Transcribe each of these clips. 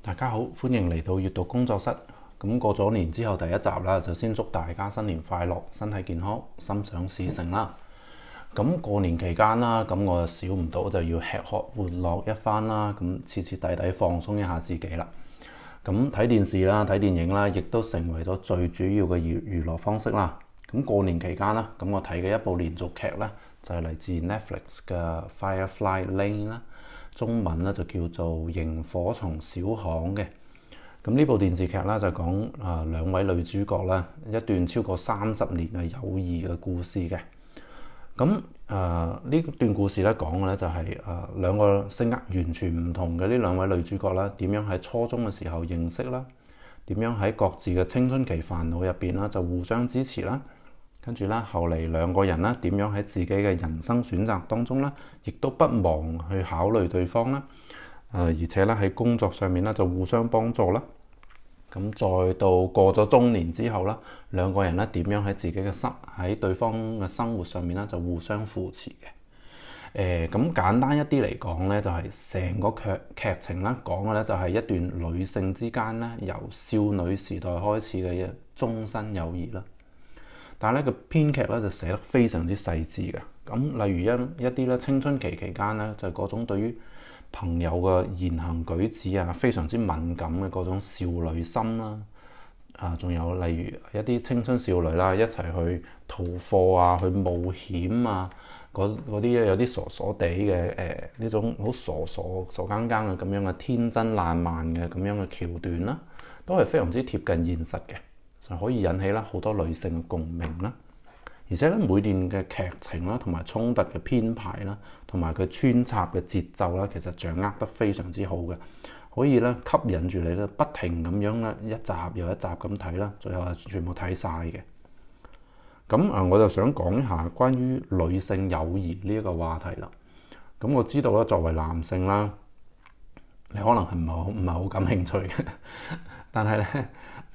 大家好，歡迎嚟到閱讀工作室。咁過咗年之後，第一集啦，就先祝大家新年快樂，身體健康，心想事成啦。咁、嗯、過年期間啦，咁我少唔到就要吃喝玩樂一番啦。咁徹徹底底放鬆一下自己啦。咁睇電視啦，睇電影啦，亦都成為咗最主要嘅娛娛樂方式啦。咁過年期間啦，咁我睇嘅一部連續劇啦，就係、是、嚟自 Netflix 嘅《Firefly Lane》啦。中文咧就叫做《螢火蟲小巷》嘅。咁呢部電視劇啦，就講啊兩位女主角啦，一段超過三十年嘅友誼嘅故事嘅。咁誒呢段故事咧，講嘅咧就係誒兩個性格完全唔同嘅呢兩位女主角啦，點樣喺初中嘅時候認識啦，點樣喺各自嘅青春期煩惱入邊啦，就互相支持啦。跟住咧，後嚟兩個人咧點樣喺自己嘅人生選擇當中咧，亦都不忘去考慮對方啦。誒、呃，而且咧喺工作上面咧就互相幫助啦。咁再到過咗中年之後咧，兩個人咧點樣喺自己嘅生喺對方嘅生活上面咧就互相扶持嘅。誒、呃，咁、呃、簡單一啲嚟講咧，就係、是、成個劇劇情咧講嘅咧就係、是、一段女性之間咧由少女時代開始嘅嘢，終身友誼啦。但係咧個編劇咧就寫得非常之細緻嘅，咁例如一一啲咧青春期期間咧就係嗰種對於朋友嘅言行舉止啊，非常之敏感嘅嗰種少女心啦、啊，啊，仲有例如一啲青春少女啦，一齊去逃課啊，去冒險啊，嗰啲有啲傻傻地嘅呢種好傻傻傻更更嘅咁樣嘅天真爛漫嘅咁樣嘅橋段啦，都係非常之貼近現實嘅。就可以引起啦好多女性嘅共鳴啦，而且咧每段嘅劇情啦，同埋衝突嘅編排啦，同埋佢穿插嘅節奏啦，其實掌握得非常之好嘅，可以咧吸引住你咧不停咁樣咧一集又一集咁睇啦，最後啊全部睇晒嘅。咁啊，我就想講一下關於女性友誼呢一個話題啦。咁我知道咧作為男性啦，你可能係唔係好唔係好感興趣嘅，但係咧。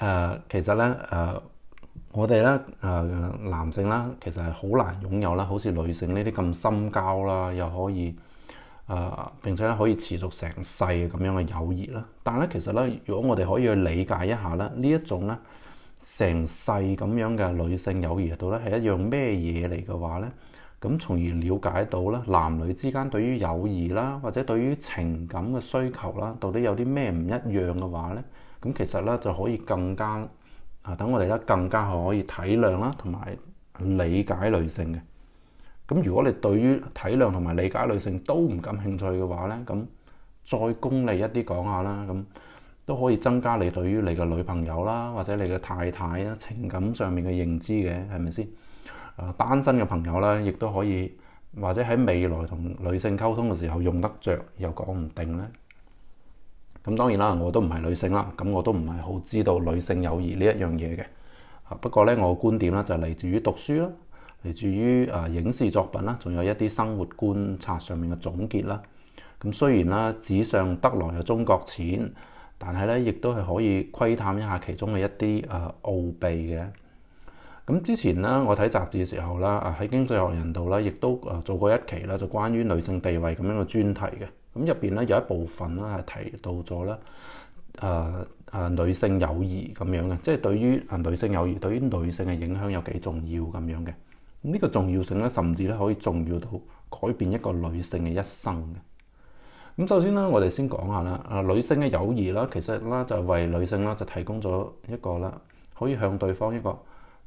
誒、呃，其實咧，誒、呃，我哋咧，誒、呃，男性咧，其實係好難擁有啦，好似女性呢啲咁深交啦，又可以誒、呃，並且咧可以持續成世嘅咁樣嘅友誼啦。但係咧，其實咧，如果我哋可以去理解一下咧，這呢一種咧成世咁樣嘅女性友誼到底係一樣咩嘢嚟嘅話咧，咁從而了解到咧男女之間對於友誼啦，或者對於情感嘅需求啦，到底有啲咩唔一樣嘅話咧，咁其實咧就可以更加啊，等我哋咧更加可以體諒啦，同埋理解女性嘅。咁如果你對於體諒同埋理解女性都唔感興趣嘅話咧，咁再功利一啲講下啦，咁都可以增加你對於你嘅女朋友啦，或者你嘅太太啊情感上面嘅認知嘅，係咪先？啊，單身嘅朋友啦亦都可以或者喺未來同女性溝通嘅時候用得着，又講唔定咧。咁當然啦，我都唔係女性啦，咁我都唔係好知道女性友誼呢一樣嘢嘅。不過呢，我嘅觀點呢就嚟自於讀書啦，嚟自於影視作品啦，仲有一啲生活觀察上面嘅總結啦。咁雖然啦，紙上得來終覺淺，但係呢亦都係可以窺探一下其中嘅一啲啊奧秘嘅。咁之前呢，我睇雜誌嘅時候啦，啊喺經濟學人度啦，亦都做過一期啦，就關於女性地位咁樣嘅專題嘅。咁入邊咧有一部分咧係提到咗咧，誒誒女性友誼咁樣嘅，即係對於誒女性友誼對於女性嘅影響有幾重要咁樣嘅。呢個重要性咧，甚至咧可以重要到改變一個女性嘅一生嘅。咁首先咧，我哋先講下啦，誒女性嘅友誼啦，其實咧就為女性啦，就提供咗一個啦，可以向對方一個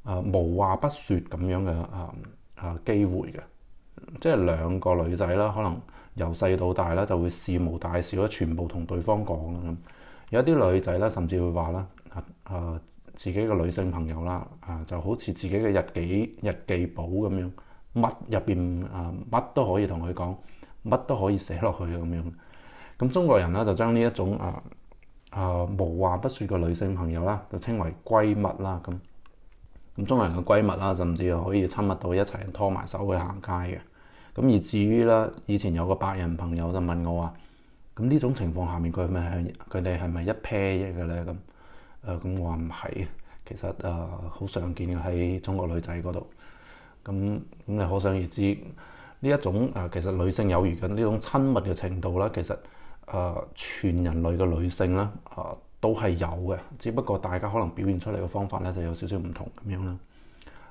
誒無話不說咁樣嘅誒誒機會嘅，即係兩個女仔啦，可能。由細到大咧就會事無大小咧全部同對方講啦咁，有啲女仔咧甚至會話咧啊自己嘅女性朋友啦啊、呃、就好似自己嘅日記日記簿咁樣，乜入邊啊乜都可以同佢講，乜都可以寫落去咁樣。咁中國人咧就將呢一種啊啊、呃呃、無話不說嘅女性朋友啦，就稱為閨蜜啦咁。咁中國人嘅閨蜜啦，甚至可以親密到一齊拖埋手去行街嘅。咁而至於啦，以前有個白人朋友就問我話：咁呢種情況下面，佢係咪佢哋係咪一 pair 嘅咧？咁、呃，誒咁我話唔係，其實誒好、呃、常見嘅喺中國女仔嗰度。咁、嗯、咁，你可想而知呢一種誒、呃，其實女性友誼嘅呢種親密嘅程度啦，其實誒、呃、全人類嘅女性啦，誒、呃、都係有嘅，只不過大家可能表現出嚟嘅方法咧就有少少唔同咁樣啦。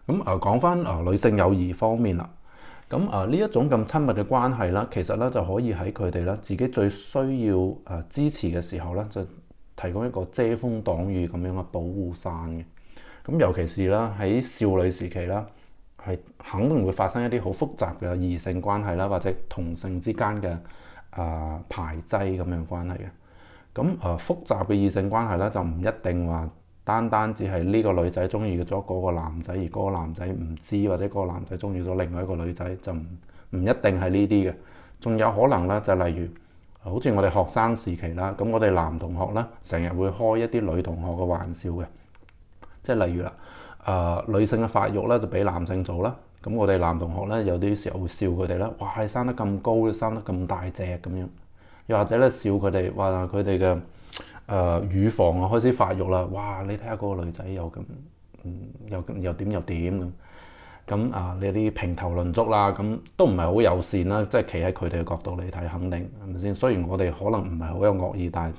咁誒講翻誒女性友誼方面啦。咁啊呢一種咁親密嘅關係啦，其實咧就可以喺佢哋咧自己最需要、呃、支持嘅時候咧，就提供一個遮風擋雨咁樣嘅保護傘嘅。咁尤其是啦喺少女時期啦，係肯定會發生一啲好複雜嘅異性關係啦，或者同性之間嘅啊、呃、排擠咁樣關係嘅。咁啊、呃、複雜嘅異性關係咧，就唔一定話。單單只係呢個女仔中意咗嗰個男仔，而嗰個男仔唔知，或者嗰個男仔中意咗另外一個女仔，就唔唔一定係呢啲嘅。仲有可能咧，就例如好似我哋學生時期啦，咁我哋男同學咧，成日會開一啲女同學嘅玩笑嘅，即係例如啦、呃，女性嘅發育咧就俾男性做啦，咁我哋男同學咧有啲時候會笑佢哋啦，哇，生得咁高，生得咁大隻咁樣，又或者咧笑佢哋話佢哋嘅。誒、呃、乳房啊，開始發育啦，哇！你睇下個女仔又咁，嗯，又咁又點又點咁，咁啊呢啲評頭論足啦，咁都唔係好友善啦，即係企喺佢哋嘅角度嚟睇，肯定係咪先？雖然我哋可能唔係好有惡意，但係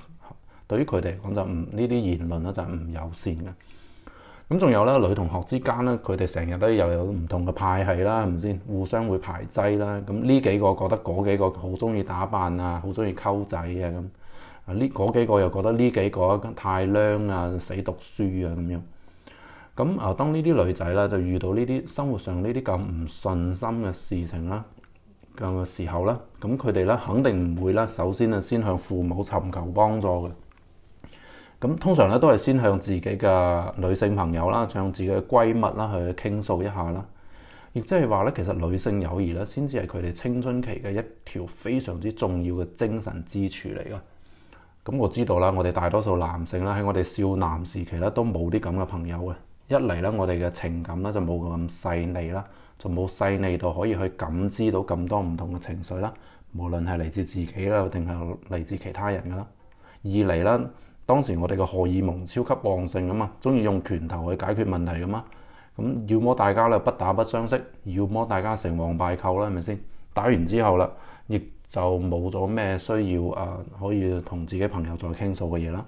對於佢哋講就唔呢啲言論咧就唔、是、友善嘅。咁仲有咧，女同學之間咧，佢哋成日都又有唔同嘅派系啦，係咪先？互相會排擠啦。咁呢幾個覺得嗰幾個好中意打扮啊，好中意溝仔嘅。咁。呢嗰幾個又覺得呢幾個太僆啊死讀書啊咁樣咁啊當呢啲女仔呢，就遇到呢啲生活上呢啲咁唔順心嘅事情啦嘅時候呢，咁佢哋咧肯定唔會啦。首先啊先向父母尋求幫助嘅。咁通常咧都係先向自己嘅女性朋友啦、向自己嘅閨蜜啦去傾訴一下啦，亦即係話咧其實女性友誼咧先至係佢哋青春期嘅一條非常之重要嘅精神支柱嚟嘅。咁我知道啦，我哋大多數男性啦，喺我哋少男時期咧，都冇啲咁嘅朋友嘅。一嚟咧，我哋嘅情感咧就冇咁細膩啦，就冇細膩到可以去感知到咁多唔同嘅情緒啦。無論係嚟自自己啦，定係嚟自其他人㗎啦。二嚟啦，當時我哋嘅荷爾蒙超級旺盛吖嘛，鍾意用拳頭去解決問題㗎嘛。咁要麼大家咧不打不相識，要麼大家成王敗寇啦，係咪先？打完之後啦，亦，就冇咗咩需要、啊、可以同自己朋友再傾訴嘅嘢啦。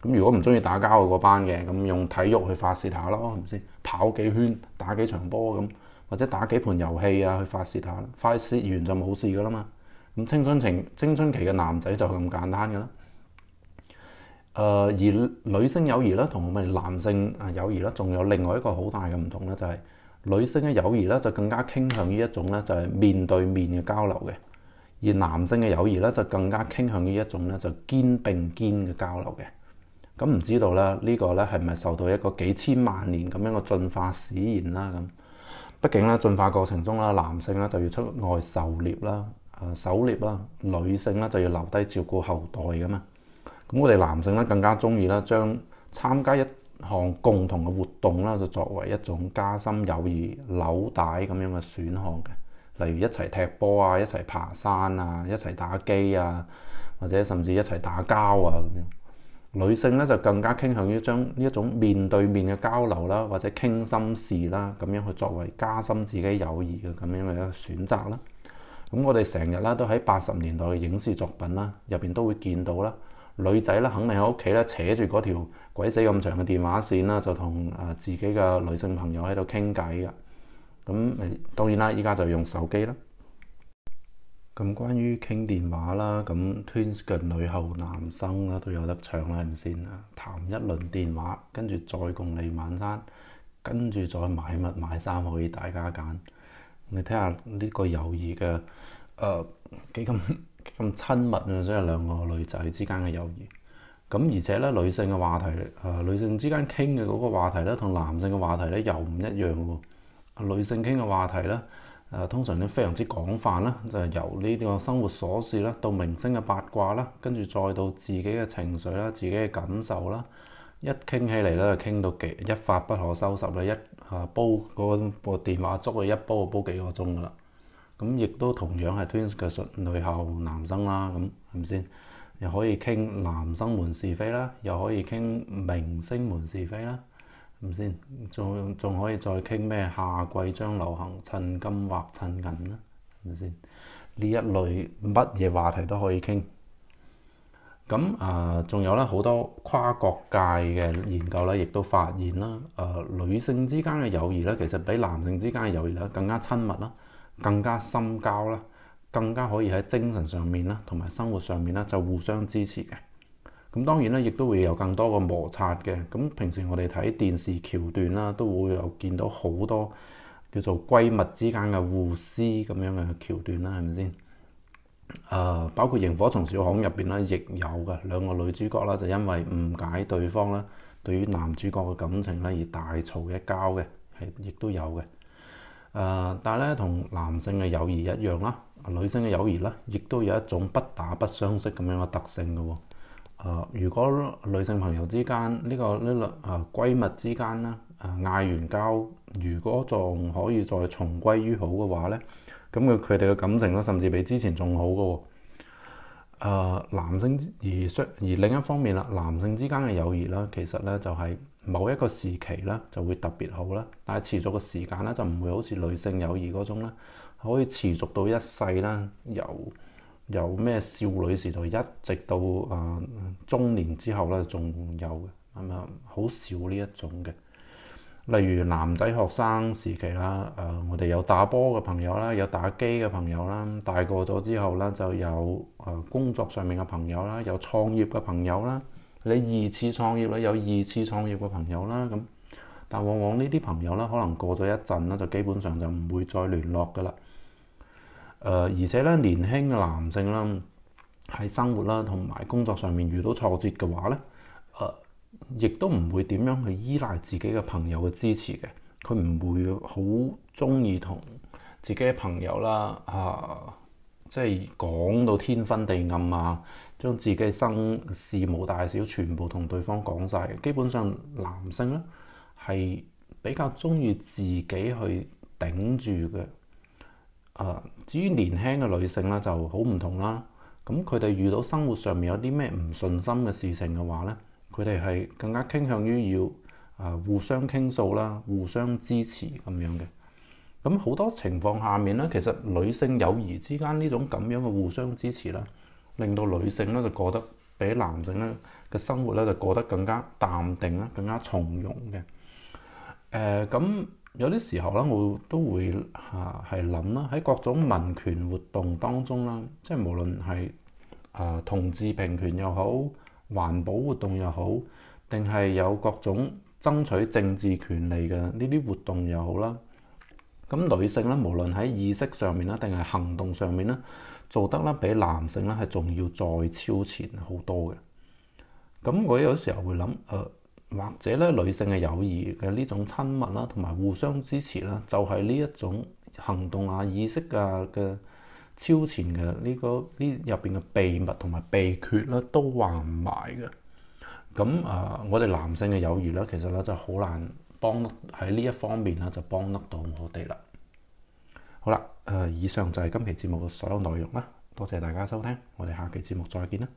咁如果唔中意打交嘅嗰班嘅，咁用體育去發泄下咯，係咪先？跑幾圈、打幾場波咁，或者打幾盤遊戲啊，去發泄下。發泄完就冇事噶啦嘛。咁青春情青春期嘅男仔就咁簡單噶啦。呃，而女性友誼呢，同我哋男性啊友誼呢，仲有另外一個好大嘅唔同咧，就係、是、女性嘅友誼咧，就更加傾向於一種咧，就係、是、面對面嘅交流嘅。而男性嘅友誼咧，就更加傾向於一種咧，就肩並肩嘅交流嘅，咁唔知道咧，呢個咧係咪受到一個幾千萬年咁樣嘅進化使然啦？咁，畢竟咧，進化過程中啦，男性咧就要出外狩獵啦，誒狩獵啦，女性咧就要留低照顧後代噶嘛，咁我哋男性咧更加中意啦，將參加一項共同嘅活動啦，就作為一種加深友誼扭帶咁樣嘅選項嘅。例如一齊踢波啊，一齊爬山啊，一齊打機啊，或者甚至一齊打交啊咁樣。女性咧就更加傾向於將呢一種面對面嘅交流啦，或者傾心事啦，咁樣去作為加深自己友誼嘅咁樣嘅一個選擇啦。咁我哋成日啦都喺八十年代嘅影視作品啦入邊都會見到啦，女仔咧肯定喺屋企咧扯住嗰條鬼死咁長嘅電話線啦，就同誒自己嘅女性朋友喺度傾偈嘅。咁誒，當然啦，依家就用手機啦。咁關於傾電話啦，咁 Twins 嘅女后男生啦都有得唱啦，係咪先啊？談一輪電話，跟住再共你晚餐，跟住再買乜買衫，可以大家揀。你睇下呢個友誼嘅誒幾咁咁親密啊，即係兩個女仔之間嘅友誼。咁而且咧，女性嘅話題誒、呃，女性之間傾嘅嗰個話題咧，同男性嘅話題咧又唔一樣嘅。女性傾嘅話題啦，誒、啊、通常都非常之廣泛啦，就係、是、由呢啲個生活瑣事啦，到明星嘅八卦啦，跟住再到自己嘅情緒啦、自己嘅感受啦，一傾起嚟咧就傾到幾一發不可收拾啦，一嚇、啊、煲嗰個電話粥啊，一煲就煲幾個鐘㗎喇。咁亦都同樣係 Twins 嘅女校男生啦，咁係咪先？又可以傾男生們是非啦，又可以傾明星們是非啦。唔先，仲可以再傾咩？夏季將流行趁金或趁銀啦，先呢一類乜嘢話題都可以傾。咁啊，仲、呃、有咧好多跨國界嘅研究咧，亦都發現啦，誒、呃、女性之間嘅友誼咧，其實比男性之間嘅友誼咧更加親密啦，更加深交啦，更加可以喺精神上面啦，同埋生活上面咧就互相支持嘅。咁當然咧，亦都會有更多嘅摩擦嘅。咁平時我哋睇電視橋段啦，都會有見到好多叫做閨蜜之間嘅互撕咁樣嘅橋段啦，係咪先？誒、呃，包括《螢火蟲小巷》入邊咧，亦有嘅兩個女主角啦，就因為誤解對方啦，對於男主角嘅感情咧而大吵一交嘅，係亦都有嘅。誒、呃，但係咧，同男性嘅友誼一樣啦，女性嘅友誼啦，亦都有一種不打不相識咁樣嘅特性嘅。誒、呃，如果女性朋友之間呢、這個呢兩誒閨蜜之間咧，誒、呃、嗌完交，如果仲可以再重歸於好嘅話咧，咁佢佢哋嘅感情咧，甚至比之前仲好嘅喎、哦呃。男性而相而另一方面啦，男性之間嘅友誼啦，其實咧就係、是、某一個時期啦，就會特別好啦，但係持續嘅時間咧，就唔會好似女性友誼嗰種咧，可以持續到一世啦，有。有咩少女時代，一直到啊、呃、中年之後咧，仲有咁啊，好少呢一種嘅。例如男仔學生時期啦，誒、呃、我哋有打波嘅朋友啦，有打機嘅朋友啦，大個咗之後啦，就有啊、呃、工作上面嘅朋友啦，有創業嘅朋友啦。你二次創業咧，有二次創業嘅朋友啦，咁但往往呢啲朋友啦，可能過咗一陣啦，就基本上就唔會再聯絡㗎喇。誒，而且咧年輕嘅男性啦，喺生活啦同埋工作上面遇到挫折嘅話咧，誒、呃，亦都唔會點樣去依賴自己嘅朋友嘅支持嘅。佢唔會好中意同自己嘅朋友啦，啊、呃，即係講到天昏地暗啊，將自己生事無大小全部同對方講晒。基本上男性咧係比較中意自己去頂住嘅。啊、至於年輕嘅女性咧，就好唔同啦。咁佢哋遇到生活上面有啲咩唔順心嘅事情嘅話呢，佢哋係更加傾向於要啊、呃、互相傾訴啦，互相支持咁樣嘅。咁、嗯、好多情況下面呢，其實女性友誼之間呢種咁樣嘅互相支持啦，令到女性咧就過得比男性咧嘅生活咧就過得更加淡定啦，更加從容嘅。誒、呃，咁、嗯。有啲時候咧，我都會嚇係諗啦，喺各種民權活動當中啦，即係無論係啊、呃、同志平權又好，環保活動又好，定係有各種爭取政治權利嘅呢啲活動又好啦。咁女性咧，無論喺意識上面啦，定係行動上面咧，做得啦比男性咧係仲要再超前好多嘅。咁我有時候會諗誒，呃或者咧女性嘅友誼嘅呢種親密啦，同埋互相支持啦，就係呢一種行動啊、意識啊嘅超前嘅呢個呢入邊嘅秘密同埋秘訣啦，都話唔埋嘅。咁啊，我哋男性嘅友誼咧，其實咧就好難幫喺呢一方面啦，就幫得到我哋啦。好啦，誒，以上就係今期節目嘅所有內容啦，多謝大家收聽，我哋下期節目再見啦。